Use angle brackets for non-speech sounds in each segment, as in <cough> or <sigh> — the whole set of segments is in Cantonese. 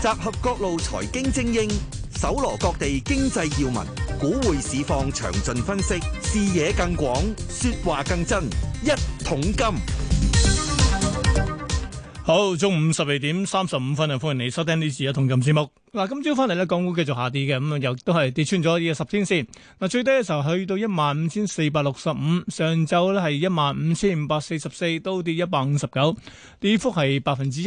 集合各路財經精英，搜羅各地經濟要聞，股匯市況詳盡分析，視野更廣，說話更真。一桶金，好，中午十二點三十五分啊，歡迎你收聽呢次一桶金節目。嗱，今朝翻嚟咧，港股繼續下跌嘅，咁啊又都係跌穿咗呢個十天線。嗱，最低嘅時候去到一萬五千四百六十五，上晝咧係一萬五千五百四十四，都跌一百五十九，跌幅係百分之一。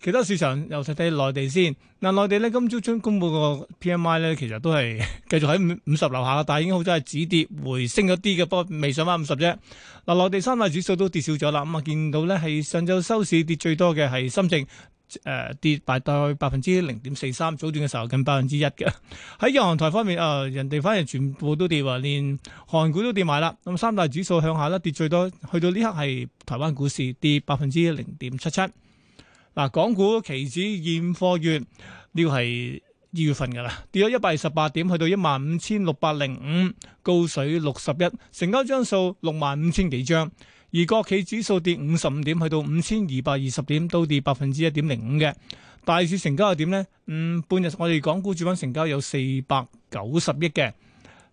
其他市場又睇睇內地先，嗱、啊、內地咧今朝將公布個 P M I 咧，其實都係 <laughs> 繼續喺五十樓下嘅，但係已經好咗係止跌回升咗啲嘅，不過未上翻五十啫。嗱、啊、內地三大指數都跌少咗啦，咁、嗯、啊見到咧係上晝收市跌最多嘅係深圳，誒、呃、跌，大概百分之零點四三，早段嘅時候近百分之一嘅。喺日韓台方面啊、呃，人哋反而全部都跌啊，連韓股都跌埋啦。咁、嗯、三大指數向下啦，跌最多去到呢刻係台灣股市跌百分之零點七七。嗱，港股期指現貨月呢個係二月份㗎啦，跌咗一百二十八點，去到一萬五千六百零五，高水六十一，成交張數六萬五千幾張。而國企指數跌五十五點，去到五千二百二十點，都跌百分之一點零五嘅。大市成交又點呢？嗯，半日我哋港股主板成交有四百九十億嘅。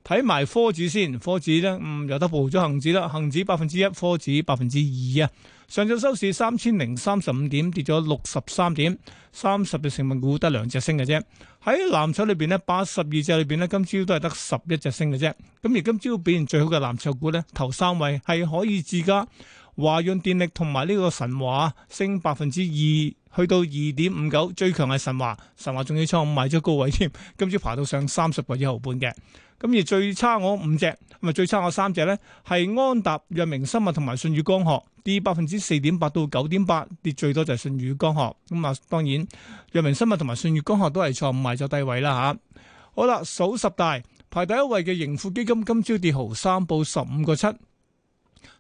睇埋科指先，科指咧，嗯又得暴咗恒指啦，恒指百分之一，科指百分之二啊。上晝收市三千零三十五點，跌咗六十三點，三十隻成分股得兩隻升嘅啫。喺藍籌裏邊呢，八十二隻裏邊呢，今朝都係得十一隻升嘅啫。咁而今朝表現最好嘅藍籌股呢，頭三位係可以自家華潤電力同埋呢個神華，升百分之二，去到二點五九，最強係神華，神華仲要創埋咗高位添，今朝爬到上三十個二毫半嘅。咁而最差我五隻，咁啊最差我三隻咧，係安踏、藥明生物同埋舜宇光學跌百分之四點八到九點八，跌最多就係舜宇光學。咁啊，當然藥明生物同埋舜宇光學都係坐埋咗低位啦吓。好啦，數十大排第一位嘅盈富基金今朝跌毫三報，報十五個七。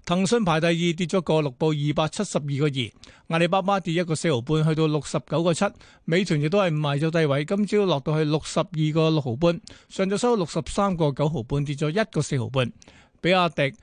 騰訊排第二跌咗個六報二百七十二個二，阿里巴巴跌一個四毫半去到六十九個七，美團亦都係五十二週低位，今朝落到去六十二個六毫半，上晝收六十三個九毫半，跌咗一個四毫半。比亞迪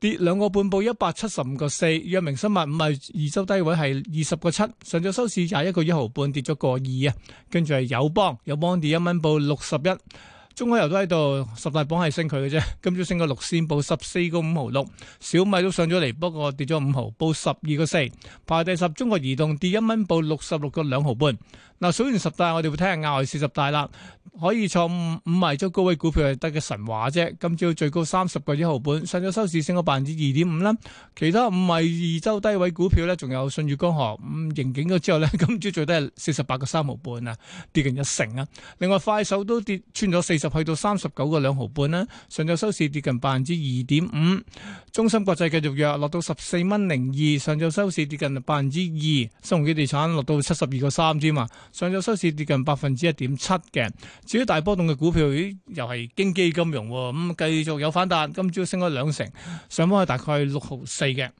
跌兩個半報一百七十五個四，藥明生物五十二週低位係二十個七，上晝收市廿一個一毫半，跌咗個二啊。跟住係友邦，友邦跌一蚊報六十一。中海油都喺度，十大榜係升佢嘅啫。今朝升個六仙，報十四個五毫六。小米都上咗嚟，不過跌咗五毫，報十二個四。排第十，中國移動跌一蚊，報六十六個兩毫半。嗱，數完十大，我哋會聽下亞外四十大啦。可以創五十二周高位股票係得嘅神話啫。今朝最高三十個一毫半，上晝收市升咗百分之二點五啦。其他五十二周低位股票咧，仲有舜宇光學。咁盈警咗之後咧，今朝最低係四十八個三毫半啊，跌近一成啊。另外快手都跌穿咗四十，去到三十九個兩毫半啦。上晝收市跌近百分之二點五。中芯國際繼續弱，落到十四蚊零二，上晝收市跌近百分之二。新鴻基地產落到七十二個三添啊。上晝收市跌近百分之一點七嘅，至於大波動嘅股票，咦又係經紀金融、啊，咁、嗯、繼續有反彈，今朝升咗兩成，上翻去大概六毫四嘅。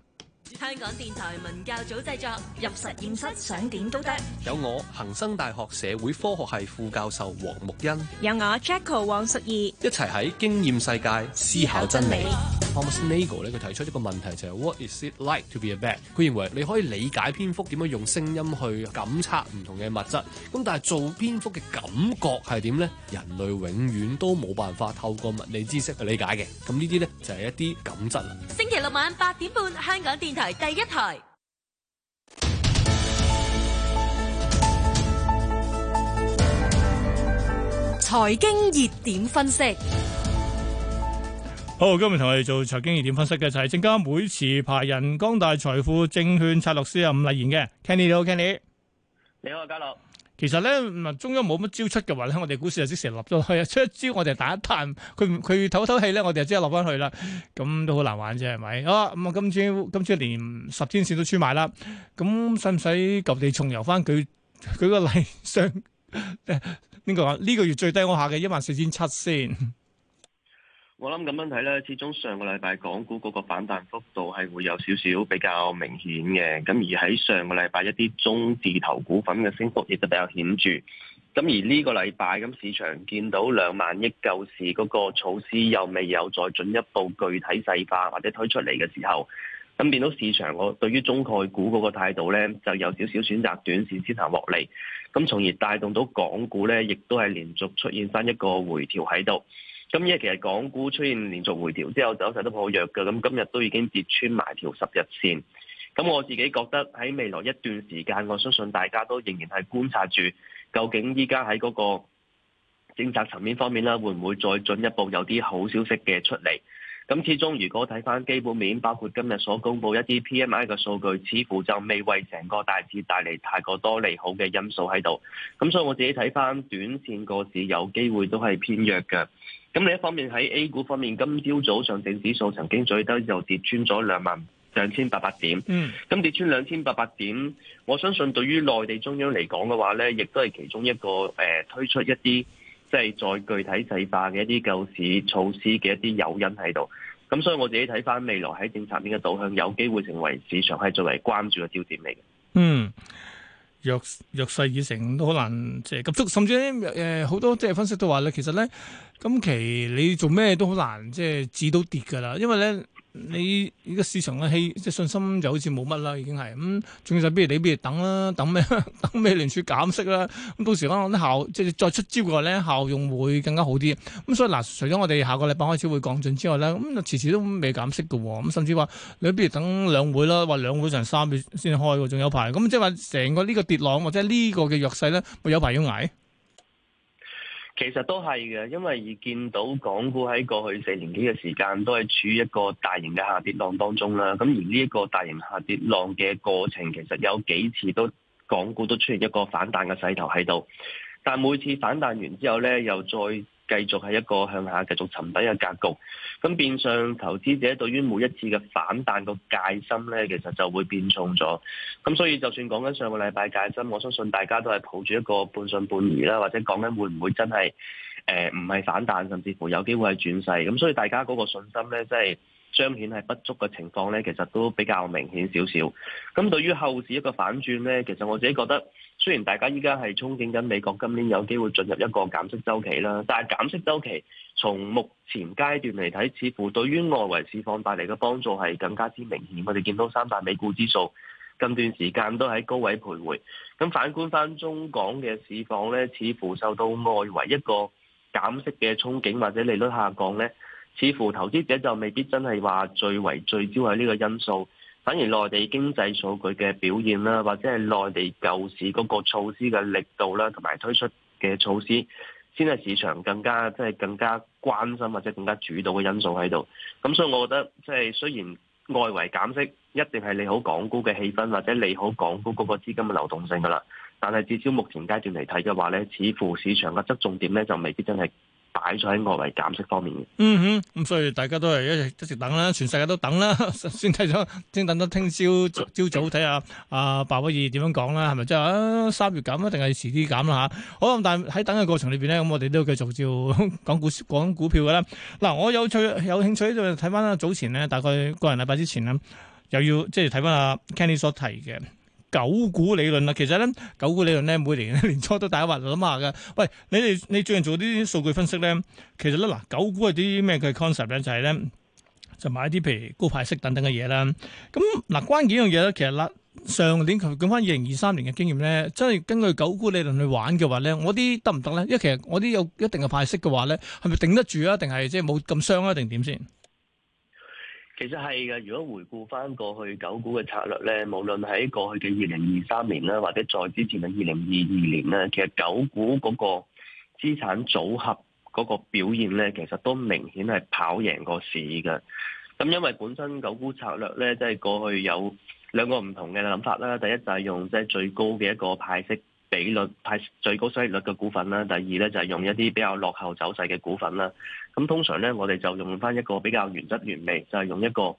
香港電台文教組製作，入實驗室想點都得。有我恒生大學社會科學系副教授黃木恩，有我 Jacko 黃淑義，一齊喺經驗世界思考真理。 <noise> Thomas Nagel 佢提出一個問題就係、是、What is it like to be a bat？佢認為你可以理解蝙蝠點樣用聲音去感測唔同嘅物質，咁但係做蝙蝠嘅感覺係點呢？人類永遠都冇辦法透過物理知識去理解嘅。咁呢啲呢，就係一啲感質啦。星期六晚八點半，香港電。台第一台財經熱點分析，好，今日同我哋做財經熱點分析嘅就係證監會持牌人光大財富證券策略師伍禮賢嘅 Kenny，你好 Kenny，你好家樂。其實咧，唔係中央冇乜招出嘅話咧，我哋股市就即成立咗去。出一招我哋打一探，佢佢唞一唞氣咧，我哋就即刻落翻去啦。咁都好難玩啫，係咪？啊，咁、嗯、啊今朝今朝連十天線都穿埋啦。咁使唔使舊地重遊翻佢？舉個例上，呢個呢個月最低我下嘅一萬四千七先。我諗咁樣睇咧，始終上個禮拜港股嗰個反彈幅度係會有少少比較明顯嘅，咁而喺上個禮拜一啲中字頭股份嘅升幅亦都比較顯著。咁而呢個禮拜，咁市場見到兩萬億救市嗰個措施又未有再進一步具體細化或者推出嚟嘅時候，咁變到市場我對於中概股嗰個態度咧，就有少少選擇短線先行獲利，咁從而帶動到港股咧，亦都係連續出現翻一個回調喺度。咁因其實港股出現連續回調，之後走勢都好弱噶，咁今日都已經跌穿埋條十日線。咁我自己覺得喺未來一段時間，我相信大家都仍然係觀察住，究竟依家喺嗰個政策層面方面啦，會唔會再進一步有啲好消息嘅出嚟？咁始終如果睇翻基本面，包括今日所公布一啲 PMI 嘅數據，似乎就未為成個大市帶嚟太過多利好嘅因素喺度。咁所以我自己睇翻短線個市有機會都係偏弱嘅。咁另一方面喺 A 股方面，今朝早上證指數曾經最低就跌穿咗兩萬兩千八百點。咁跌穿兩千八百點，我相信對於內地中央嚟講嘅話咧，亦都係其中一個誒推出一啲即係再具體細化嘅一啲救市措施嘅一啲誘因喺度。咁所以我自己睇翻未來喺政策面嘅導向，有機會成為市場係最為關注嘅焦點嚟嘅。嗯。弱弱勢已成，都好難即係急縮，甚至咧呃好多即係分析都話咧，其實咧今期你做咩都好難即係止到跌㗎啦，因為咧。你依家市場嘅氣即係信心就好似冇乜啦，已經係咁。仲、嗯、要就不如你不如等啦？等咩？ <laughs> 等咩聯儲減息啦？咁、嗯、到時可能效即係再出招嘅話咧，效用會更加好啲。咁、嗯、所以嗱、呃，除咗我哋下個禮拜開始會降準之外咧，咁遲遲都未減息㗎喎、哦。咁、嗯、甚至話你不如等兩會啦？話兩會上三月先開喎、啊，仲有排。咁、嗯、即係話成個呢個跌浪或者呢個嘅弱勢咧，咪有排要捱？其實都係嘅，因為而見到港股喺過去四年幾嘅時間都係處於一個大型嘅下跌浪當中啦。咁而呢一個大型下跌浪嘅過程，其實有幾次都港股都出現一個反彈嘅勢頭喺度，但每次反彈完之後呢，又再。繼續係一個向下繼續沉底嘅格局，咁變相投資者對於每一次嘅反彈個戒心呢，其實就會變重咗。咁所以就算講緊上個禮拜戒心，我相信大家都係抱住一個半信半疑啦，或者講緊會唔會真係誒唔係反彈，甚至乎有機會係轉勢。咁所以大家嗰個信心呢，即係。彰顯係不足嘅情況呢，其實都比較明顯少少。咁對於後市一個反轉呢，其實我自己覺得，雖然大家依家係憧憬緊美國今年有機會進入一個減息週期啦，但係減息週期從目前階段嚟睇，似乎對於外圍市況帶嚟嘅幫助係更加之明顯。我哋見到三大美股指數近段時間都喺高位徘徊。咁反觀返中港嘅市況呢，似乎受到外圍一個減息嘅憧憬或者利率下降呢。似乎投資者就未必真係話最為聚焦喺呢個因素，反而內地經濟數據嘅表現啦，或者係內地救市嗰個措施嘅力度啦，同埋推出嘅措施，先係市場更加即係更加關心或者更加主導嘅因素喺度。咁所以，我覺得即係雖然外圍減息一定係利好港股嘅氣氛，或者利好港股嗰個資金嘅流動性噶啦，但係至少目前階段嚟睇嘅話咧，似乎市場嘅側重點咧就未必真係擺咗喺外嚟減息方面，嗯哼，咁所以大家都係一一直等啦，全世界都等啦， <laughs> 先睇咗，先等到聽朝朝早睇下阿鮑威爾點樣講啦，係咪即係啊三月減啊，定係遲啲減啦吓，好啦，但係喺等嘅過程裏邊咧，咁我哋都繼續照講股講股票嘅啦。嗱，我有趣有興趣就睇翻啦。早前咧，大概個人禮拜之前咧，又要即係睇翻阿 Kenny 所提嘅。狗股理論啦，其實咧狗股理論咧每年年初都大家話，諗下噶。喂，你哋你最近做啲數據分析咧，其實咧嗱狗股係啲咩嘅 concept 咧？就係、是、咧就買啲譬如高派息等等嘅嘢啦。咁、嗯、嗱、啊、關鍵一樣嘢咧，其實啦上年佢講翻二零二三年嘅經驗咧，真係根據狗股理論去玩嘅話咧，我啲得唔得咧？因為其實我啲有一定嘅派息嘅話咧，係咪頂得住啊？定係即係冇咁傷啊？定係點先？其實係嘅，如果回顧翻過去狗股嘅策略咧，無論喺過去嘅二零二三年啦，或者再之前嘅二零二二年咧，其實狗股嗰個資產組合嗰個表現咧，其實都明顯係跑贏個市嘅。咁因為本身狗股策略咧，即係過去有兩個唔同嘅諗法啦，第一就係用即係最高嘅一個派息。比率派最高收益率嘅股份啦，第二咧就係用一啲比較落後走勢嘅股份啦。咁通常咧，我哋就用翻一個比較原汁原味，就係用一個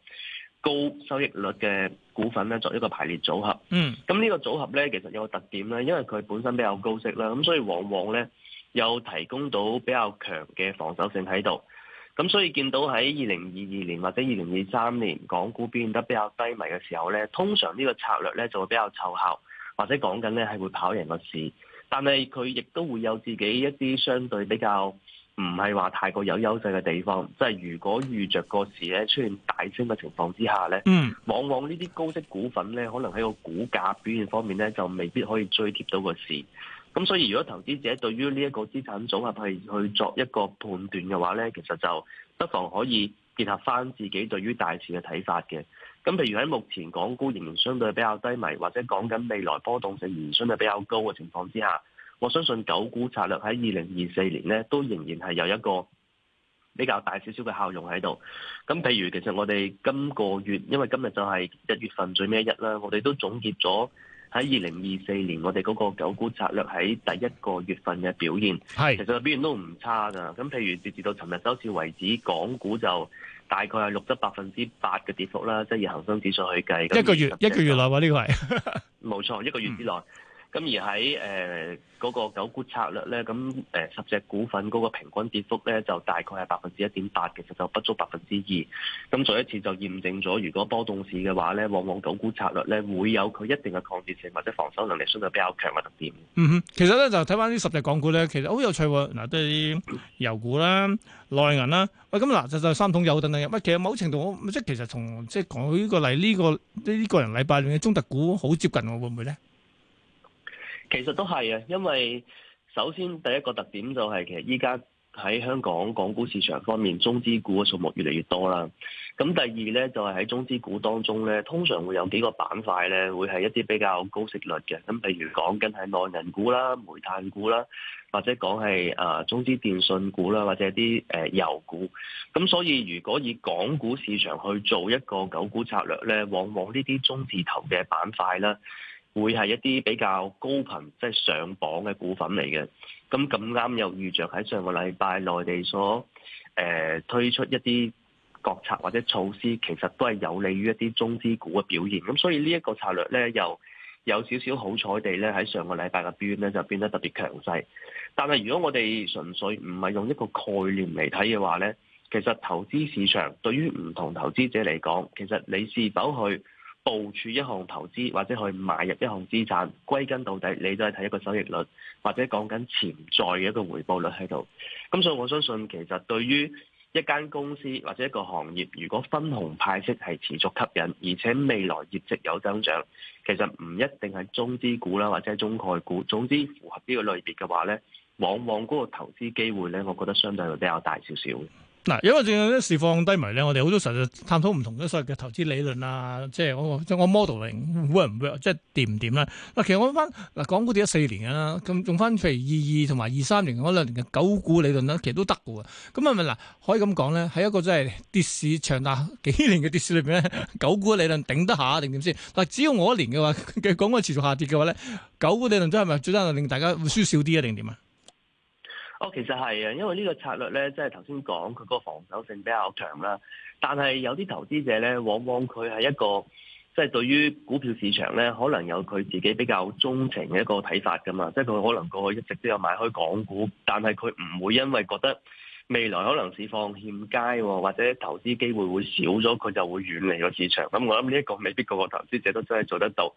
高收益率嘅股份咧，作一個排列組合。嗯，咁呢個組合咧，其實有個特點咧，因為佢本身比較高息啦，咁所以往往咧有提供到比較強嘅防守性喺度。咁所以見到喺二零二二年或者二零二三年港股變得比較低迷嘅時候咧，通常呢個策略咧就會比較湊效。或者講緊咧係會跑贏個市，但係佢亦都會有自己一啲相對比較唔係話太過有優勢嘅地方。即係如果遇着個市咧出現大升嘅情況之下咧，嗯，往往呢啲高息股份咧，可能喺個股價表現方面咧，就未必可以追貼到個市。咁所以如果投資者對於呢一個資產組合係去，去作一個判斷嘅話咧，其實就不妨可以結合翻自己對於大市嘅睇法嘅。咁譬如喺目前港股仍然相對比較低迷，或者講緊未來波動性仍然相對比較高嘅情況之下，我相信狗股策略喺二零二四年呢都仍然係有一個比較大少少嘅效用喺度。咁譬如其實我哋今個月，因為今日就係一月份最尾一日啦，我哋都總結咗喺二零二四年我哋嗰個狗股策略喺第一個月份嘅表現，係其實表現都唔差噶。咁譬如截至到尋日收市為止，港股就。大概係六得百分之八嘅跌幅啦，即以恒生指數去計。一個月吧一個月內喎，呢、呢個係冇錯，一個月之內。嗯咁而喺誒嗰個狗股策略咧，咁誒、呃、十隻股份嗰個平均跌幅咧，就大概係百分之一點八，其實就不足百分之二。咁、嗯、再一次就驗證咗，如果波動市嘅話咧，往往狗股策略咧會有佢一定嘅抗跌性或者防守能力相對比較強嘅特點。嗯哼，其實咧就睇翻呢十隻港股咧，其實好有趣喎。嗱，都係啲油股啦、內銀啦，喂、哎，咁嗱就就是、三桶油等等。喂，其實某程度即係其實從即係講呢個例呢、呢個呢、呢個人禮拜兩嘅中特股好接近我會唔會咧？其實都係啊，因為首先第一個特點就係其實依家喺香港港股市場方面，中資股嘅數目越嚟越多啦。咁第二呢，就係、是、喺中資股當中呢，通常會有幾個板塊呢會係一啲比較高息率嘅。咁譬如講緊係內銀股啦、煤炭股啦，或者講係誒中資電信股啦，或者啲誒、呃、油股。咁所以如果以港股市場去做一個狗股策略呢，往往呢啲中字頭嘅板塊呢。會係一啲比較高頻即係上榜嘅股份嚟嘅，咁咁啱又遇着喺上個禮拜內地所誒、呃、推出一啲國策或者措施，其實都係有利於一啲中資股嘅表現，咁所以呢一個策略呢，又有少少好彩地呢，喺上個禮拜入邊呢就變得特別強勢，但係如果我哋純粹唔係用一個概念嚟睇嘅話呢，其實投資市場對於唔同投資者嚟講，其實你是否去部署一項投資或者去買入一項資產，歸根到底你都係睇一個收益率，或者講緊潛在嘅一個回報率喺度。咁所以我相信其實對於一間公司或者一個行業，如果分紅派息係持續吸引，而且未來業績有增長，其實唔一定係中資股啦，或者中概股，總之符合呢個類別嘅話呢，往往嗰個投資機會呢，我覺得相對嚟比較大少少。嗱，因為正有啲市放低迷咧，我哋好多時候就探討唔同嘅所謂嘅投資理論啊，即係我即我 modeling work 唔 work，即係掂唔掂咧？嗱，其實我翻嗱，港股跌咗四年噶啦，咁用翻譬如二二同埋二三年嗰兩年嘅狗股理論咧，其實都得嘅喎。咁係咪嗱，可以咁講咧，喺一個真係跌市長達幾年嘅跌市裏邊咧，狗股理論頂得下定點先？嗱，只要我一年嘅話嘅港股持續下跌嘅話咧，狗股理論真係咪最真係令大家輸少啲啊？定點啊？哦，其實係啊，因為呢個策略呢，即係頭先講，佢個防守性比較強啦。但係有啲投資者呢，往往佢係一個即係、就是、對於股票市場呢，可能有佢自己比較鍾情嘅一個睇法㗎嘛。即係佢可能過去一直都有買開港股，但係佢唔會因為覺得未來可能市況欠佳，或者投資機會會少咗，佢就會遠離個市場。咁我諗呢一個未必個個投資者都真係做得到。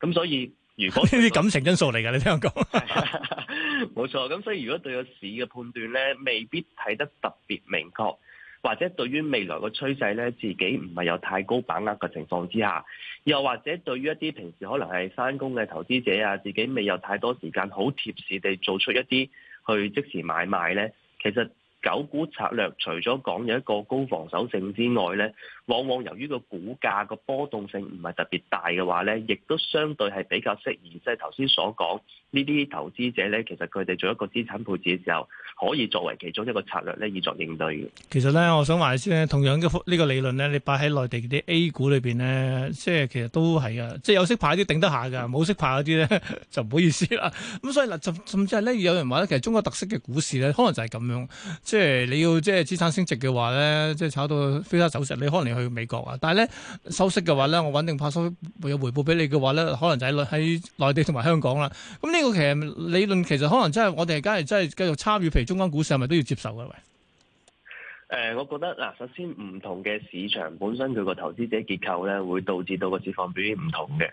咁所以。如果呢啲感情因素嚟噶，你聽我講 <laughs> 冇錯。咁所以如果對個市嘅判斷呢，未必睇得特別明確，或者對於未來個趨勢呢，自己唔係有太高把握嘅情況之下，又或者對於一啲平時可能係翻工嘅投資者啊，自己未有太多時間好貼士市地做出一啲去即時買賣呢，其實。狗股策略除咗講有一個高防守性之外咧，往往由於個股價個波動性唔係特別大嘅話咧，亦都相對係比較適宜，即係頭先所講呢啲投資者咧，其實佢哋做一個資產配置嘅時候，可以作為其中一個策略咧，以作應對嘅。其實咧，我想話先咧，同樣嘅呢個理論咧，你擺喺內地啲 A 股裏邊咧，即係其實都係噶，即係有識排啲頂得下噶，冇識排嗰啲咧就唔好意思啦。咁所以嗱，甚甚至係咧，有人話咧，其實中國特色嘅股市咧，可能就係咁樣。即係你要即係資產升值嘅話咧，即係炒到飛沙走石，你可能要去美國啊。但係咧，收息嘅話咧，我穩定派收息會有回報俾你嘅話咧，可能就喺喺內地同埋香港啦。咁呢個其實理論其實可能真係我哋而家係真係繼續參與譬如中間股市係咪都要接受㗎？喂。誒、呃，我覺得嗱，首先唔同嘅市場本身佢個投資者結構咧，會導致到個市況表現唔同嘅。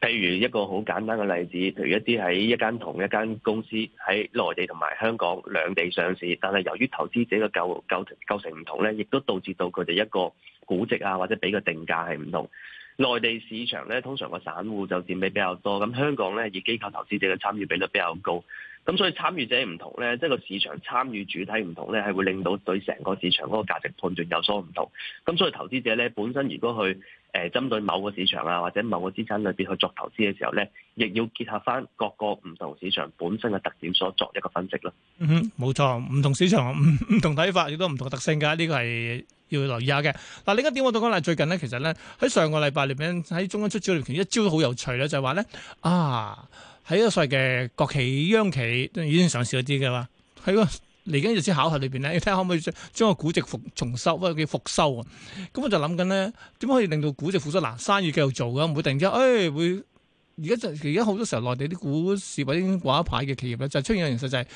譬如一個好簡單嘅例子，譬如一啲喺一間同一間公司喺內地同埋香港兩地上市，但係由於投資者嘅構構構成唔同咧，亦都導致到佢哋一個估值啊或者俾個定價係唔同。內地市場咧，通常個散戶就佔比比較多，咁香港咧以機構投資者嘅參與比率比較高。咁所以參與者唔同咧，即係個市場參與主體唔同咧，係會令到對成個市場嗰個價值判斷有所唔同。咁所以投資者咧本身，如果去誒、呃、針對某個市場啊，或者某個資產裏邊去作投資嘅時候咧，亦要結合返各個唔同市場本身嘅特點，所作一個分析啦。嗯哼，冇錯，唔同市場唔唔同睇法，亦都唔同特性㗎。呢、這個係要留意下嘅。嗱，另一點我都想講，嗱，最近咧，其實咧喺上個禮拜裡，你見喺中央出招，其實一招都好有趣咧，就係話咧啊。喺所謂嘅國企央企已經上市咗啲嘅啦，喺個嚟緊嘅考核裏邊咧，你睇下可唔可以將，將個估值復重修？或、呃、者叫復收啊？咁、嗯、我就諗緊咧，點可以令到估值復收？嗱、啊，生意繼續做嘅，唔會突然之間，誒、哎、會。而家就而家好多時候內地啲股市或者掛牌嘅企業咧，就出現嘅現實就係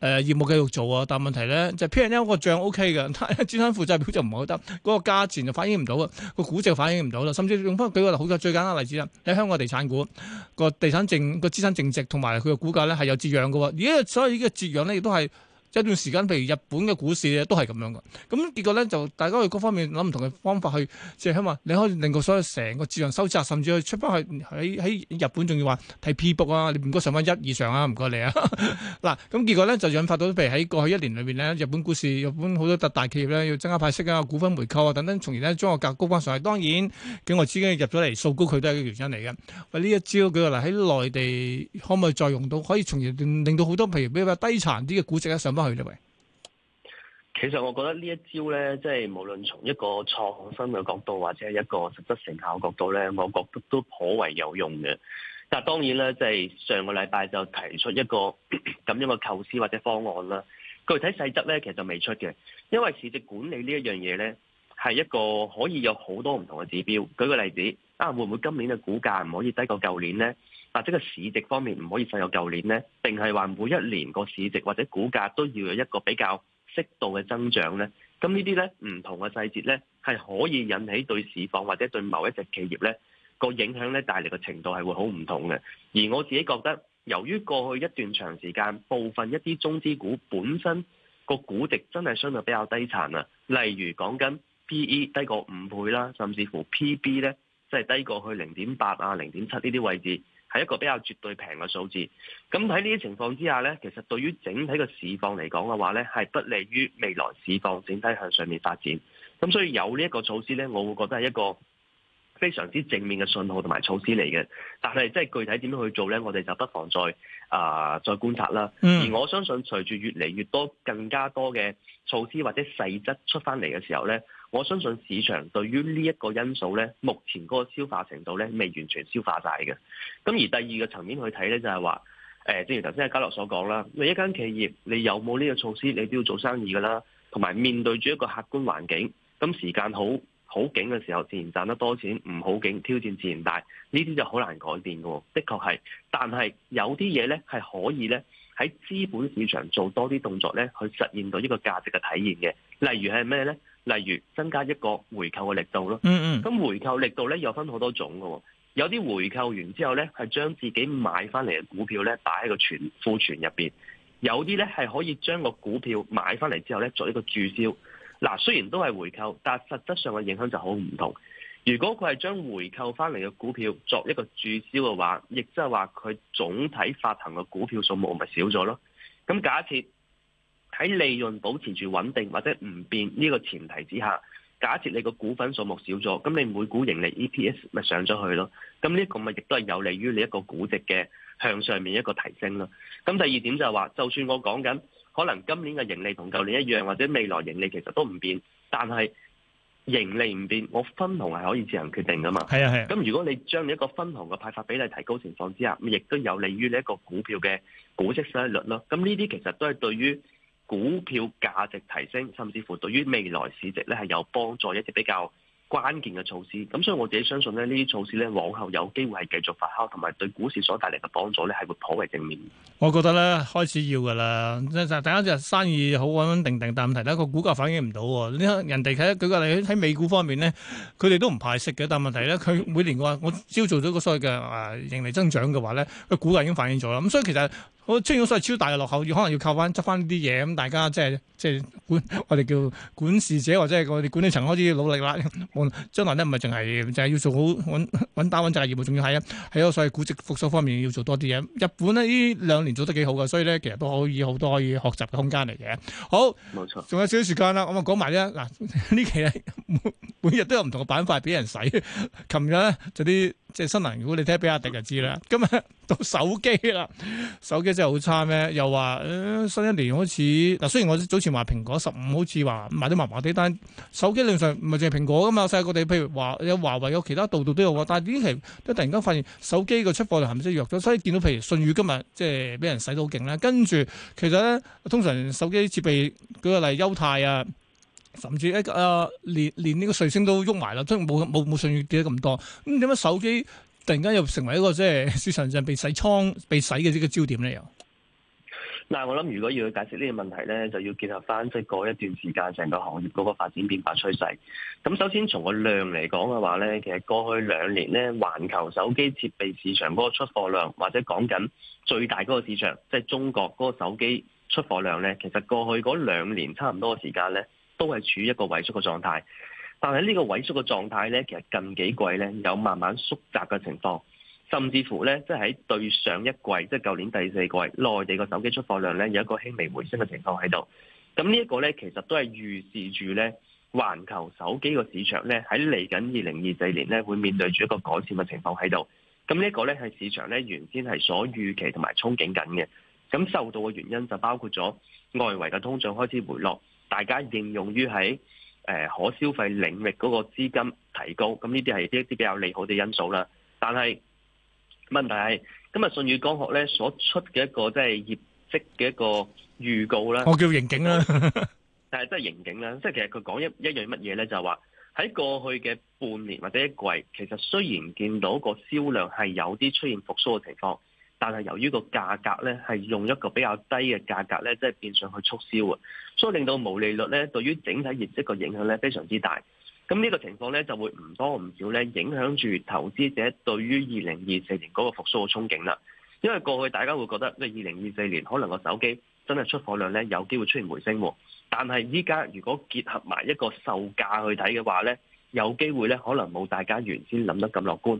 誒、業務繼續做啊，但問題咧就是、P and L 個帳 OK 嘅，但係資產負債表就唔好得，嗰、嗰個價錢就反映唔到啊，個估值反映唔到啦，甚至用翻舉個好最簡單例子啦，喺香港地產股、個地產淨、個資產淨值同埋佢嘅股價咧係有折讓嘅，而家所以呢個折讓咧亦都係。一段時間，譬如日本嘅股市咧，都係咁樣嘅。咁、嗯、結果咧就大家去各方面諗唔同嘅方法去即係希望你可以令到所有成個市場收窄，甚至出去出翻去喺喺日本仲要話睇 P 股啊，你唔該上翻一以上啊，唔該你啊嗱。咁、 <laughs> 嗯、結果咧就引發到譬如喺過去一年裏邊咧，日本股市、日本好多特大企業咧要增加派息啊、股份回購啊等等，從而咧將個價高翻上嚟。當然境外資金入咗嚟掃高佢都係一個原因嚟嘅。喂，呢一招佢話嗱喺內地可唔可以再用到？可以從而令到好多譬如比較低殘啲嘅股值上翻。其實我覺得呢一招呢，即係無論從一個創新嘅角度，或者係一個實質成效角度呢，我覺得都頗為有用嘅。但係當然咧，即係上個禮拜就提出一個咁 <coughs> 樣嘅構思或者方案啦。具體細則呢，其實就未出嘅，因為市值管理呢一樣嘢呢，係一個可以有好多唔同嘅指標。舉個例子，啊，會唔會今年嘅股價唔可以低過舊年呢？但係個市值方面唔可以上有舊年呢，定係話每一年個市值或者股價都要有一個比較適度嘅增長呢？咁呢啲呢唔同嘅細節呢，係可以引起對市況或者對某一隻企業呢個影響呢，帶嚟嘅程度係會好唔同嘅。而我自己覺得，由於過去一段長時間，部分一啲中資股本身個估值真係相對比較低殘啊，例如講緊 P/E 低過五倍啦，甚至乎 P/B 呢，即係低過去零點八啊、零點七呢啲位置。係一個比較絕對平嘅數字，咁喺呢啲情況之下呢，其實對於整體嘅市況嚟講嘅話呢，係不利於未來市況整體向上面發展，咁所以有呢一個措施呢，我會覺得係一個非常之正面嘅信號同埋措施嚟嘅，但係即係具體點樣去做呢？我哋就不妨再。啊！Uh, 再觀察啦，而我相信隨住越嚟越多更加多嘅措施或者細則出翻嚟嘅時候呢，我相信市場對於呢一個因素呢，目前嗰個消化程度呢，未完全消化晒嘅。咁而第二個層面去睇呢，就係話，誒，正如頭先阿嘉樂所講啦，你一間企業你有冇呢個措施，你都要做生意噶啦，同埋面對住一個客觀環境，咁時間好。好景嘅時候自然賺得多錢，唔好景挑戰自然大，呢啲就好難改變嘅，的確係。但係有啲嘢呢，係可以呢喺資本市場做多啲動作呢，去實現到一個價值嘅體現嘅。例如係咩呢？例如增加一個回購嘅力度咯。嗯嗯。咁回購力度呢，又分好多種㗎，有啲回購完之後呢，係將自己買翻嚟嘅股票呢，擺喺個存庫存入邊，有啲呢，係可以將個股票買翻嚟之後呢，作一個註銷。嗱，雖然都係回購，但係實質上嘅影響就好唔同。如果佢係將回購翻嚟嘅股票作一個註銷嘅話，亦即係話佢總體發行嘅股票數目咪少咗咯。咁假設喺利潤保持住穩定或者唔變呢個前提之下，假設你個股份數目少咗，咁你每股盈利 EPS 咪上咗去咯。咁呢個咪亦都係有利於你一個估值嘅向上面一個提升咯。咁第二點就係話，就算我講緊。可能今年嘅盈利同舊年一樣，或者未來盈利其實都唔變，但係盈利唔變，我分紅係可以自行決定噶嘛？係啊係。咁如果你將你一個分紅嘅派發比例提高情況之下，亦都有利於呢一個股票嘅股息收益率咯。咁呢啲其實都係對於股票價值提升，甚至乎對於未來市值咧係有幫助，一直比較。關鍵嘅措施，咁所以我自己相信咧，呢啲措施咧往後有機會係繼續發酵，同埋對股市所帶嚟嘅幫助咧係會頗為正面。我覺得咧開始要噶啦，就第一就生意好穩穩定定，但問題一個股價反映唔到。你人哋睇，舉個例喺美股方面咧，佢哋都唔派息嘅，但問題咧佢每年嘅話，我只要做咗個所謂嘅誒盈利增長嘅話咧，個股價已經反映咗啦。咁所以其實。我中央所謂超大嘅落後，要可能要靠翻執翻呢啲嘢，咁大家即係即係管我哋叫管事者，或者係我哋管理層開始努力啦。將來咧唔係淨係淨係要做好揾揾單揾債業務，仲要係啊，係咯，所以估值復甦方面要做多啲嘢。日本咧呢兩年做得幾好嘅，所以咧其實都可以好多可以學習嘅空間嚟嘅。好，冇錯錯，仲有少少時間啦，我咪講埋啦。嗱，呢期呢每每日都有唔同嘅板塊俾人洗。琴日咧就啲。即係新能股，如果你睇下比亞迪就知啦。今日到手機啦，手機真係好差咩？又話、呃、新一年開始嗱，雖然我早前話蘋果十五好似話賣得麻麻地，但手機理論上上唔係淨係蘋果㗎嘛，世界各地譬如華有華為，有其他，度度都有喎。但係呢期都突然間發現手機個出貨量係咪真弱咗？所以見到譬如舜宇今日即係俾人使到好勁啦。跟住其實咧，通常手機設備舉個例，優泰啊。甚至一啊，連連呢個瑞星都喐埋啦，都冇冇冇上月跌得咁多。咁點解手機突然間又成為一個即係市場上被洗倉、被洗嘅呢個焦點咧？又嗱、嗯，我諗如果要去解釋呢個問題咧，就要結合翻即係過一段時間成個行業嗰個發展變化趨勢。咁首先從個量嚟講嘅話咧，其實過去兩年咧，環球手機設備市場嗰個出貨量，或者講緊最大嗰個市場，即係中國嗰個手機出貨量咧，其實過去嗰兩年差唔多嘅時間咧。都係處於一個萎縮嘅狀態，但係呢個萎縮嘅狀態呢，其實近幾季呢有慢慢縮窄嘅情況，甚至乎呢，即係喺對上一季，即係舊年第四季，內地嘅手機出貨量呢，有一個輕微回升嘅情況喺度。咁呢一個呢，其實都係預示住呢環球手機個市場呢，喺嚟緊二零二四年呢，會面對住一個改善嘅情況喺度。咁呢一個呢係市場呢，原先係所預期同埋憧憬緊嘅。咁受到嘅原因就包括咗外圍嘅通脹開始回落。大家應用於喺誒可消費領域嗰個資金提高，咁呢啲係一啲比較利好嘅因素啦。但係問題係今日舜宇光學咧所出嘅一個即係、就是、業績嘅一個預告啦，我叫盈警啦，實 <laughs> 但係真係盈警啦，即係其實佢講一一樣乜嘢咧？就係話喺過去嘅半年或者一季，其實雖然見到個銷量係有啲出現復甦嘅情況。但係由於個價格呢係用一個比較低嘅價格呢，即係變相去促銷啊，所以令到毛利率呢對於整體業績個影響呢非常之大。咁呢個情況呢就會唔多唔少呢影響住投資者對於二零二四年嗰個復甦嘅憧憬啦。因為過去大家會覺得即二零二四年可能個手機真係出貨量呢有機會出現回升喎，但係依家如果結合埋一個售價去睇嘅話呢，有機會呢可能冇大家原先諗得咁樂觀。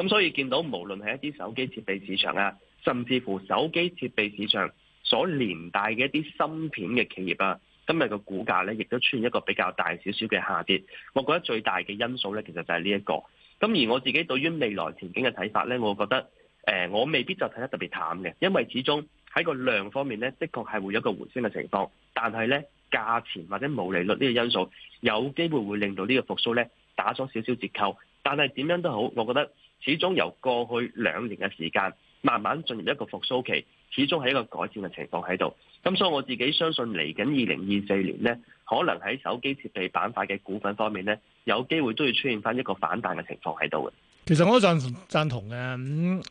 咁所以見到無論係一啲手機設備市場啊，甚至乎手機設備市場所連帶嘅一啲芯片嘅企業啊，今日個股價咧亦都出現一個比較大少少嘅下跌。我覺得最大嘅因素咧，其實就係呢一個。咁而我自己對於未來前景嘅睇法咧，我覺得誒、呃，我未必就睇得特別淡嘅，因為始終喺個量方面咧，的確係會有一個回升嘅情況。但係咧，價錢或者毛利率呢個因素，有機會會令到呢個復甦咧打咗少少折扣。但係點樣都好，我覺得。始終由過去兩年嘅時間，慢慢進入一個復甦期，始終係一個改善嘅情況喺度。咁所以我自己相信，嚟緊二零二四年呢，可能喺手機設備板塊嘅股份方面呢，有機會都會出現翻一個反彈嘅情況喺度嘅。其實我都贊贊同嘅，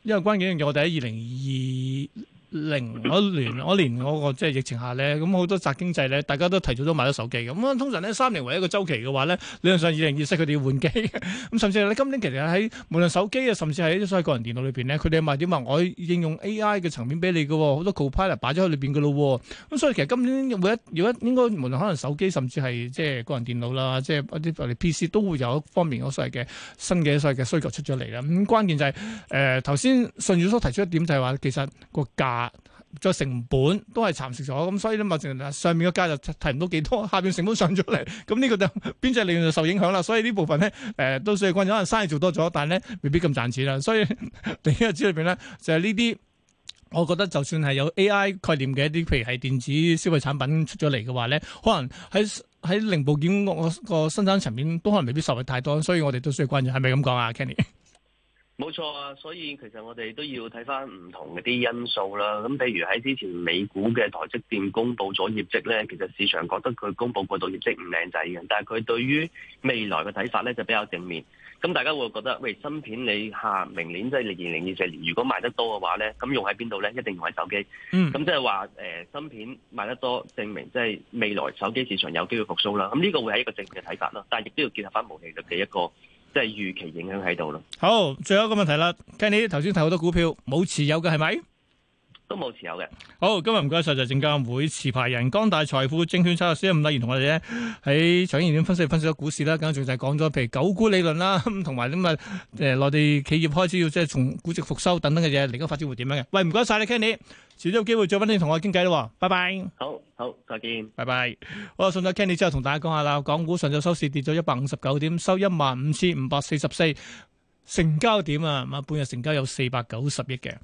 因為關鍵嘅嘢，我哋喺二零二零嗰年嗰年嗰，嗰個即係疫情下咧，咁好多宅經濟咧，大家都提早都買咗手機咁。通常呢，三年為一,一個周期嘅話咧，理論上二零二四佢哋要換機。咁甚至你今年其實喺無論手機啊，甚至係啲所謂個人電腦裏邊咧，佢哋賣點話我應用 AI 嘅層面俾你嘅，好多 copilot 擺咗喺裏邊嘅咯。咁、嗯、所以其實今年每一如果應該無論可能手機甚至係即係個人電腦啦，即係一啲例如 PC 都會有一方面所謂嘅新嘅所謂嘅需求出咗嚟啦。咁、嗯、關鍵就係誒頭先信譽叔提出一點就係，是，話，其實個價。再成本都係蠶食咗，咁所以咧咪上面嘅價就提唔到幾多，下邊成本上咗嚟，咁呢個就邊際利潤就受影響啦。所以呢部分咧，誒、呃、都需要關注。可能生意做多咗，但咧未必咁賺錢啦。所以第二個資料入邊咧， <laughs> 就係呢啲，我覺得就算係有 AI 概念嘅一啲，譬如係電子消費產品出咗嚟嘅話咧，可能喺喺零部件、個個生產層面都可能未必受惠太多。所以我哋都需要關注，係咪咁講啊，Kenny？冇錯啊，所以其實我哋都要睇翻唔同嘅啲因素啦。咁譬如喺之前美股嘅台積電公布咗業績呢，其實市場覺得佢公布嗰度業績唔靚仔嘅，但係佢對於未來嘅睇法呢，就比較正面。咁大家會覺得，喂，芯片你下明年即係二零二四年，如果賣得多嘅話呢，咁用喺邊度呢？一定用喺手機。咁即係話誒，芯片賣得多，證明即係未來手機市場有機會復甦啦。咁呢個會係一個正面嘅睇法咯。但係亦都要結合翻無線嘅一個。即係預期影響喺度咯。好，最後一個問題啦，聽你頭先睇好多股票，冇持有嘅係咪？都冇持有嘅。好，今日唔該晒，就係證監會持牌人光大財富證券策略師伍禮賢同我哋咧喺場研點分析分析咗股市啦。咁啊，仲就係講咗譬如狗股理論啦，同埋咁啊誒，內地企業開始要即係從估值復收等等嘅嘢，嚟緊發展會點樣嘅？喂，唔該晒你，Kenny，遲啲有機會再揾你同我傾偈咯。拜拜。好好，再見。拜拜。好，順咗 Kenny 之後，同大家講下啦。港股上晝收市跌咗一百五十九點，收一萬五千五百四十四，成交點啊，咁啊，半日成交有四百九十億嘅。